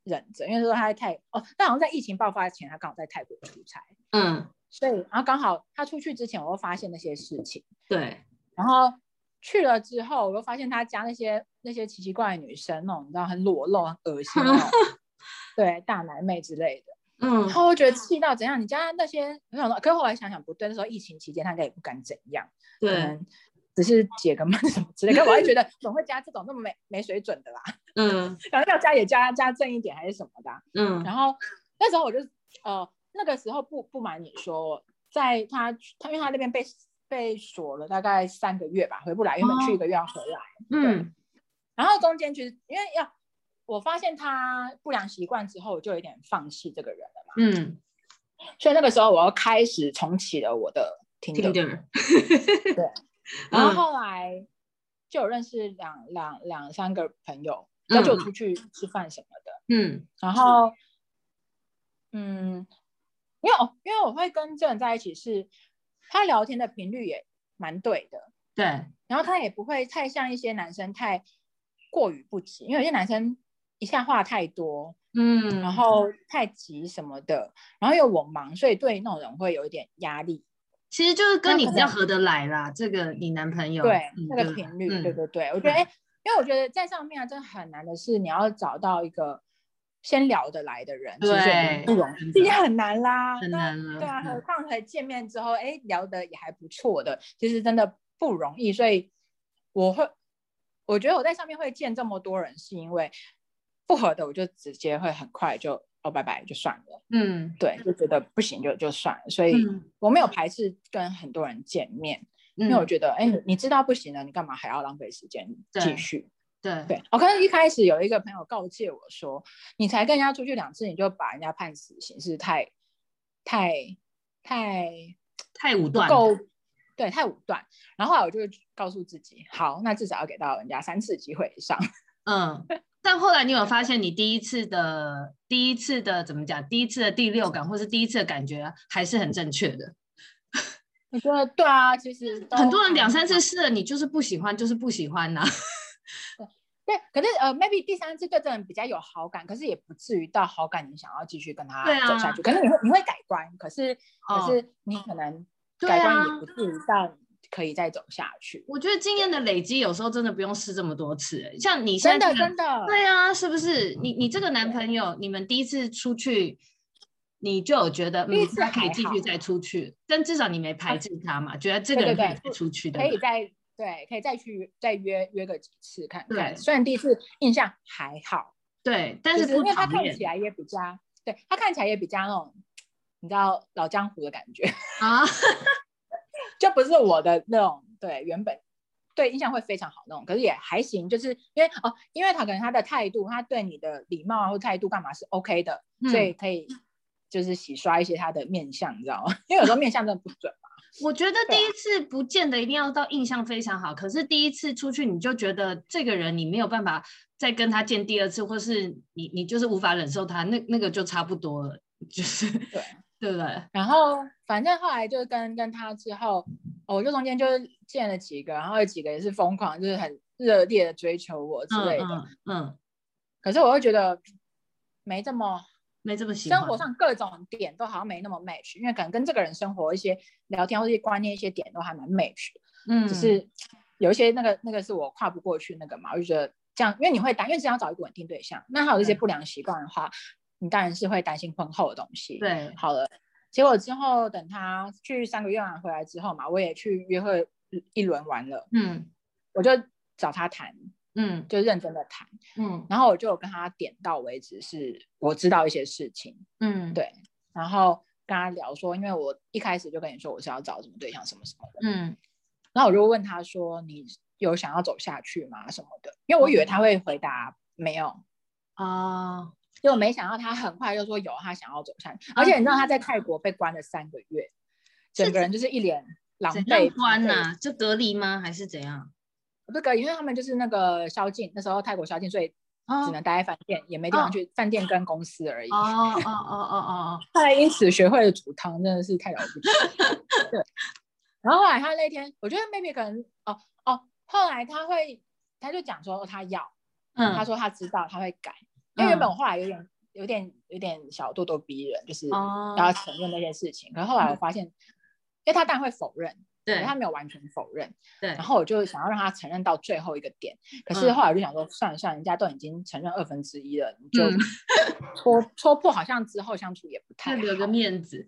忍着，嗯、因為他說他在泰哦，但好像在疫情爆發前他剛好在泰國出差，嗯，所以然後剛好他出去之前，我會發現那些事情。對，然後。去了之後，我又發現他加那些那些奇奇怪的女生、喔，那種你知道，很裸露、很噁心、喔， 對，大奶妹之類的。嗯，然後我覺得氣到怎樣？你加那些，沒想到，可是後來想想不對，那時候疫情期間，他應該也不敢怎樣。對、嗯，只是解個悶什麼之類的。我還覺得，怎麼會加這種那麼沒 沒水準的啦？嗯，反正要加也加加正一點還是什麼的、啊。嗯，然後那時候我就，哦、呃，那個時候不不瞞你說，在他他因為他那邊被，被鎖了大概三個月吧，回不來。原本去一個月要回來，哦、對嗯。然後中間其實因為要，我發現他不良習慣之後，就有一點放棄這個人了嘛。嗯。所以那個時候我要開始重啟了我的聽眾。對。然後後來就有認識兩兩兩三個朋友，那就出去吃飯什麼的。嗯。然後，是嗯，因為、哦、因為我會跟這人在一起是。他聊天的頻率也蠻對的，對，然後他也不會太像一些男生太過於不急，因為有些男生一下話太多，嗯，然後太急什麼的，然後又我忙，所以對那種人會有一點壓力。其實就是跟你比較合得來啦，這個你男朋友對、嗯、那個頻率，嗯、對對對，我覺得、哎，因為我覺得在上面啊，真的很難的是你要找到一個。先聊得來的人，對，不容易，這也很難啦，很難了，對啊，何況還見面之後，哎，聊得也還不錯的，其實真的不容易，所以我會，我覺得我在上面會見這麼多人，是因為不合的，我就直接會很快就哦拜拜就算了，嗯，對，就覺得不行就就算了，所以我沒有排斥跟很多人見面，因為我覺得，哎，你知道不行了，你幹嘛還要浪費時間繼續？對對，我剛剛一開始有一個朋友告誡我說：“你才跟人家出去兩次，你就把人家判死刑，是太太太太武斷。”夠對，太武斷。然後後來我就告訴自己：“好，那至少要給到人家三次機會以上。”嗯，但後來你有發現，你第一次的 第一次的怎麼講？第一次的第六感，或是第一次的感覺，還是很正確的。你覺得，對啊，其實很多人兩三次試了， 你就是不喜歡，就是不喜歡吶、啊。對，可是呃，maybe 第三次對這人比較有好感，可是也不至於到好感你想要繼續跟他走下去。啊、可是你會你會改觀，可是，哦、可是你可能改觀也不至於，但可以再走下去。我覺得經驗的累積有時候真的不用試這麼多次。像你現在真的，真的對啊，是不是？你你這個男朋友，嗯、你們第一次出去，你就有覺得嗯，他可以繼續再出去，但至少你沒排斥他嘛，啊、覺得這個人可以再出去的，對對對可以再。對，可以再去再約約個幾次看看，對雖然第一次印象還好，對，嗯、但是，是因為他看起來也比較，嗯、比較對，他看起來也比較那種，你知道老江湖的感覺啊， 就不是我的那種對，原本對印象會非常好那種，可是也還行，就是因為哦，因為他可能他的態度，他對你的禮貌啊或態度幹嘛是 OK 的，嗯、所以可以就是洗刷一些他的面相，你知道嗎？因為有時候面相真的不準。 我覺得第一次不見得一定要到印象非常好，對可是第一次出去你就覺得這個人你沒有辦法再跟他見第二次，或是你你就是無法忍受他，那那個就差不多了，就是對對不對？對吧然後反正後來就跟跟他之後，哦、我就中間就是見了幾個，然後有幾個也是瘋狂，就是很熱烈的追求我之類的，嗯，嗯嗯可是我會覺得沒這麼。沒這麼喜歡，生活上各種點都好像沒那麼 match，因為可能跟這個人生活一些聊天或者一些觀念一些點都還蠻 match 的，嗯，就是有一些那個那個是我跨不過去那個嘛，我就覺得這樣，因為你會擔，因為是要找一個穩定對象，那還有這些不良習慣的話，嗯、你當然是會擔心婚後的東西。對，好了，結果之後等他去三個月完回來之後嘛，我也去約會一輪完了，嗯，我就找他談。嗯，就認真的談，嗯，然後我就有跟他點到為止，是我知道一些事情，嗯，對，然後跟他聊說，因為我一開始就跟你說我是要找什麼對象什麼什麼的，嗯，然後我就問他說，你有想要走下去嗎？什麼的？因為我以為他會回答沒有啊，就、嗯、我沒想到他很快就說有，他想要走下去，嗯、而且你知道他在泰國被關了三個月，啊、整個人就是一臉狼狽是關了、啊、然後就隔離嗎？還是怎樣？那因為他們就是那個宵禁，那時候泰國宵禁，所以只能待在飯店，哦、也沒地方去，飯店跟公司而已。哦哦哦哦哦。哦哦哦哦 後來因此學會了煮湯，真的是太了不起。 對。然後後來他那天，我覺得妹妹可能哦哦，後來他會，他就講說他要，嗯，他說他知道他會改，嗯、因為原本我後來有點有點有點小咄咄逼人，就是要承認那件事情。哦、可後來我發現，嗯、因為他當然會否認。對他沒有完全否認，對，然後我就想要讓他承認到最後一個點，嗯、可是後來就想說，算了算了，人家都已經承認二分之一了，你就戳，嗯、 戳破，好像之後相處也不太留個面子。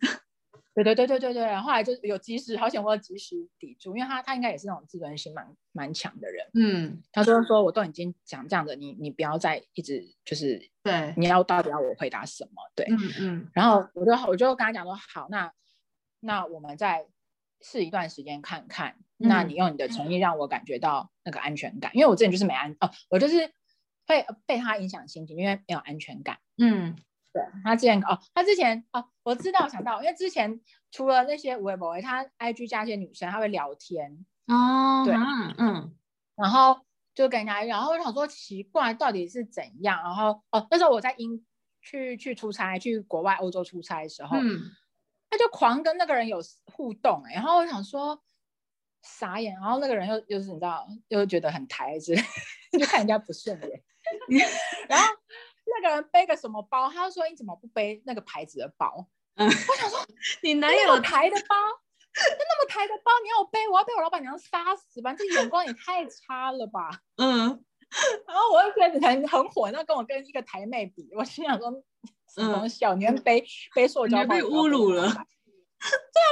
對對對對對對，後來就有及時，好險我有及時抵住，因為他他應該也是那種自尊心蠻蠻強的人，嗯，他就是說我都已經講這樣的，你你不要再一直就是對，你要到底要我回答什麼？對，嗯嗯，然後我就我就跟他講說，好，那那我們再。試一段時間看看，嗯、那你用你的誠意讓我感覺到那個安全感，嗯、因為我之前就是沒安哦，我就是會被他影響心情，因為沒有安全感。嗯，對他之前哦，他之前哦，我知道我想到，因為之前除了那些微博，他 IG 加一些女生，他會聊天哦，對，嗯，然後就跟人家，然後我想說奇怪到底是怎樣？然後哦那時候我在英去去出差，去國外歐洲出差的時候。嗯。他就狂跟那個人有互動、欸、然後我想說傻眼，然後那個人又又、就是你知道，又覺得很台，子，就看人家不順眼。 然後那個人背個什麼包，他就說你怎麼不背那個牌子的包？嗯，我想說你哪有台的包，那那麼台的包你要我背，我要被我老闆娘殺死吧？這眼光也太差了吧？嗯，然後我又開始談很火，然後跟我跟一個台妹比，我心想說。嗯，嗯小年背、嗯、背塑膠，叫被侮辱了，對啊，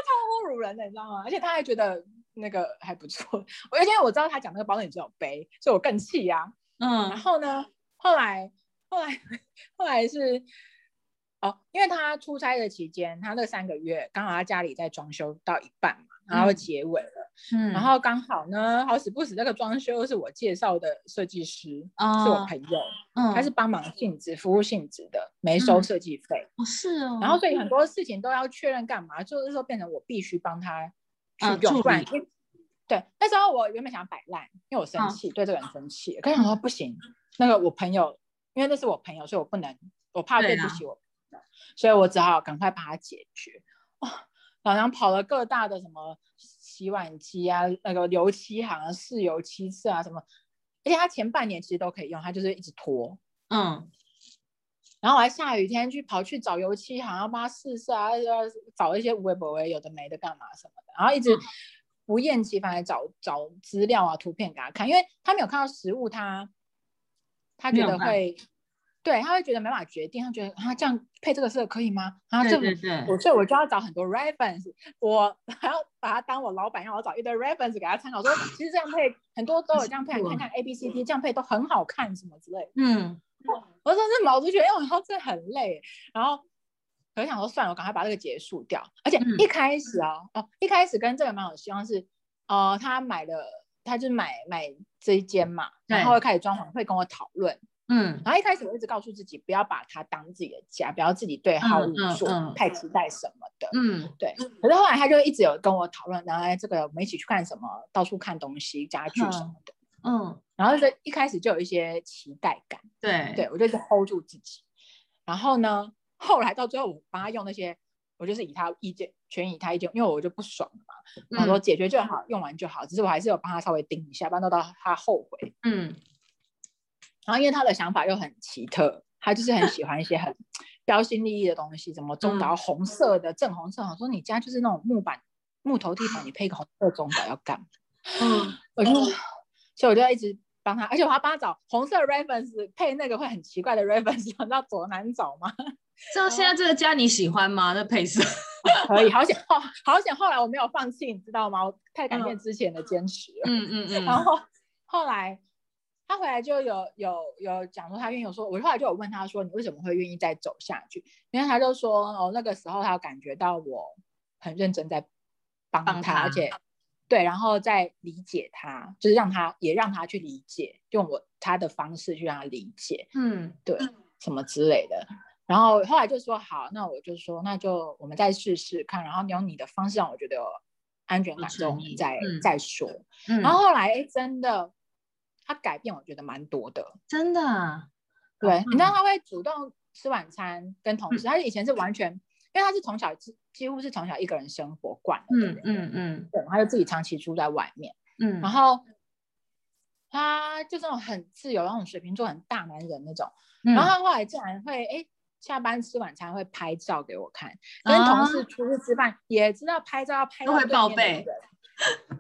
太侮辱人了，你知道嗎？而且他還覺得那個還不錯，我因為我知道他講那個包裝你只有背，所以我更氣啊。嗯，然後呢，後來後來後來是，哦，因為他出差的期間，他那三個月剛好他家裡在裝修到一半嘛，然後結尾了。嗯嗯，然後剛好呢，好死不死，那個裝修是我介紹的設計師，哦、是我朋友，嗯、他是幫忙性質、服務性質的，沒收設計費，是哦、嗯。然後所以很多事情都要確認幹嘛？嗯、就是說變成我必須幫他去搞定、啊。對，那時候我原本想擺爛，因為我生氣，嗯、對這個人生氣，剛想說不行，那個我朋友，因為那是我朋友，所以我不能，我怕對不起我，啊、所以我只好趕快把它解決。哦，老娘跑了各大的什麼。洗碗機啊，那個油漆行試油漆色啊什麼，而且他前半年其實都可以用，他就是一直拖，嗯。然後我還下雨天去跑去找油漆行要幫他試色，啊，找一些微博、有的沒的幹嘛什麼的，然後一直不厭其煩的找、嗯、找，找資料啊、圖片給他看，因為他沒有看到實物他，他他覺得會。對，他會覺得沒辦法決定，他覺得啊，這樣配這個色可以嗎？啊，這……所以我就要找很多 reference，我還要把他當我老闆，讓我找一堆 reference 給他參考。說其實這樣配，很多都有這樣配，你、嗯、看看 A、B、C、D 這樣配都很好看，什麼之類。嗯，我，我說這毛都覺得，哎，我以後很累。然後我想說，算了，我趕快把這個結束掉。而且一開始啊，嗯、哦，一開始跟這個蠻有希望是，哦、呃，他買了，他就買買這一間嘛，對然後會開始裝潢，會跟我討論。嗯，然後一開始我一直告訴自己，不要把它當自己的家，不要自己對號入座太期待什麼的。嗯，嗯嗯對。嗯嗯、可是後來他就一直有跟我討論，然後這個我們一起去看什麼，到處看東西，家具什麼的。嗯。嗯然後就一開始就有一些期待感。對。對我就是 hold 住自己。然後呢，後來到最後我幫他用那些，我就是以他意見，全以他意見，因為我就不爽了嘛。他說解決就好，用完就好。只是我還是有幫他稍微盯一下，幫他弄到他後悔。嗯。然後因為他的想法又很奇特，他就是很喜歡一些很標新立異的東西。怎麼中島紅色的、嗯、正紅色？我說你家就是那種木板木頭地板，你配個紅色中島要幹嘛、啊嗯？我就、哦、所以我就要一直幫他，而且我還幫他找紅色 reference 配那個會很奇怪的 reference，你知道多難找嗎？就現在這個家你喜歡嗎？哦、那配色、哦、可以，好險、哦、好險，後來我沒有放棄，你知道嗎？我太感謝之前的堅持了嗯。嗯嗯，然後後來。他回來就有有有講說他願意，我說我後來就有問他說你為什麼會願意再走下去？因為他就說哦，那個時候他感覺到我很認真在幫他，他而且對，然後再理解他，就是讓他也讓他去理解，用我他的方式去讓他理解，嗯，對，什麼之類的。然後後來就說好，那我就說那就我們再試試看，然後你用你的方式讓我覺得有安全感我，再再、嗯、說。嗯、然後後來、欸、真的。他改變我覺得蠻多的，真的。對，你知道他會主動吃晚餐跟同事，他以前是完全，因為他是從小是幾乎是從小一個人生活慣了，嗯嗯嗯，對，他就自己長期住在外面，嗯，然後他就這種很自由，那種水瓶座很大男人那種，然後他後來竟然會哎下班吃晚餐會拍照給我看，跟同事出去吃飯也知道拍照要拍，都會報備。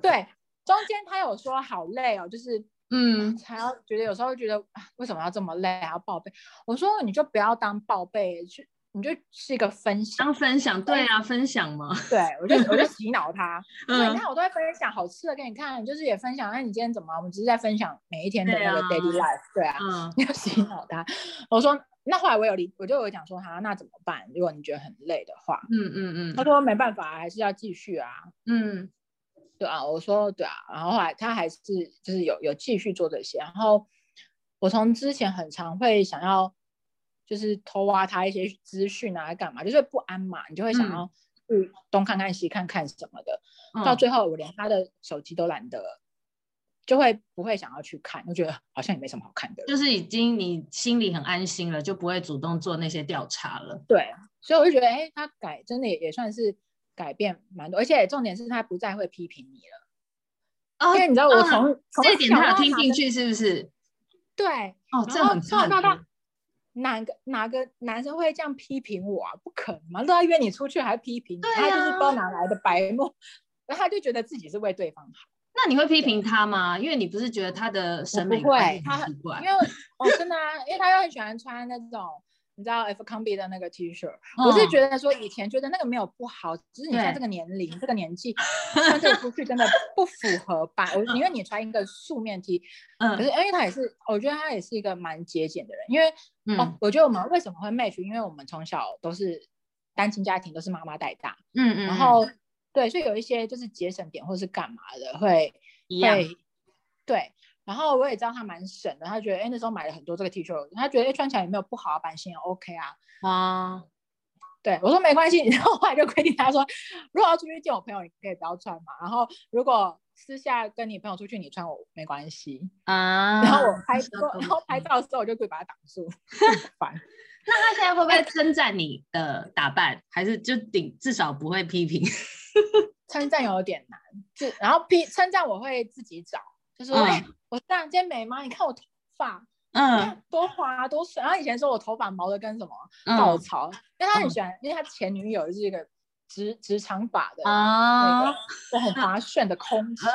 對，中間他有說好累哦，就是。嗯，才要覺得有時候會覺得為什麼要這麼累還要報備？我說你就不要當報備，去你就是一個分享，當分享對，對啊，分享嘛，對，我就我就洗腦他， 嗯、你看我都在分享好吃的給你看，你就是也分享那、啊、你今天怎麼？我們只是在分享每一天的那個 daily life，對啊，你、啊嗯、要洗腦他。我說那後來我有理，我就有講說他、啊、那怎麼辦？如果你覺得很累的話，嗯嗯嗯，嗯嗯他說沒辦法，還是要繼續啊，嗯。對啊，我說，對啊，然後後來他還是就是有有繼續做這些，然後我從之前很常會想要就是偷挖他一些資訊啊，幹嘛，就是不安嘛，你就會想要嗯東看看西、嗯、看看什麼的，到最後我連他的手機都懶得，嗯、就會不會想要去看，我覺得好像也沒什麼好看的，就是已經你心裡很安心了，就不會主動做那些調查了。對啊，所以我就覺得，哎，他改真的也，也算是。改變蠻多，而且重點是他不再會批評你了。哦、因為你知道我從這、啊、點他有聽進去是不是？哦、對，哦，後這樣很。然後那哪個哪個男生會這樣批評我、啊？不可能嘛，都他約你出去還批評你，啊、他就是不知道哪來的白目。然後他就覺得自己是為對方好。那你會批評他嗎？對因為你不是覺得他的審美觀？他很怪，因為哦真的因為他又很喜歡穿那種。你知道 F Combi 的那個 T 恤，shirt, 我是覺得說以前覺得那個沒有不好，只、哦、是你現在這個年齡對這個年紀穿這個出去真的不符合吧？嗯、我因為你穿一個素面 T，、嗯、可是因為他也是，我覺得他也是一個蠻節儉的人，因為、嗯、哦，我覺得我們為什麼會 match？因為我們從小都是單親家庭，都是媽媽帶大，嗯，嗯嗯，然後對，所以有一些就是節省點或是幹嘛的會樣會對。然後我也知道他蠻省的，他覺得哎那時候買了很多這個 T 恤，他覺得誒穿起來也沒有不好啊，版型也 OK 啊。啊，嗯、對，我說沒關係，然後後來就規定他說，如果要出去見我朋友，你可以不要穿嘛。然後如果私下跟你朋友出去，你穿我沒關係啊。然後我拍照，然後拍照的時候我就可以把它擋住。煩。那他現在會不會稱讚你的、哎呃、打扮，還是就頂至少不會批評？ 稱讚有點難，就然後批稱讚我會自己找。說，就是嗯、我突然間美嗎？你看我頭髮，嗯，多滑，多順。然後以前說我頭髮毛的跟什麼稻草，因為、嗯、他很喜歡，嗯、因為他前女友是一個直直長髮的啊、那個，就、哦、很滑順的空氣，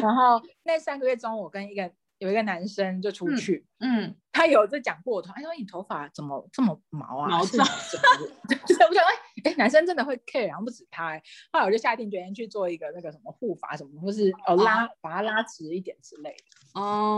然後那三個月中，我跟一個。有一個男生就出去，嗯，嗯他有在講過我頭，哎呦，說你頭髮怎麼這麼毛啊？毛躁，就是我嗎想哎，男生真的會 care，然後不止他，後來我就下定決心去做一個那個什麼護髮什麼，或、就是哦拉、oh. 把它拉直一點之類的哦。Oh.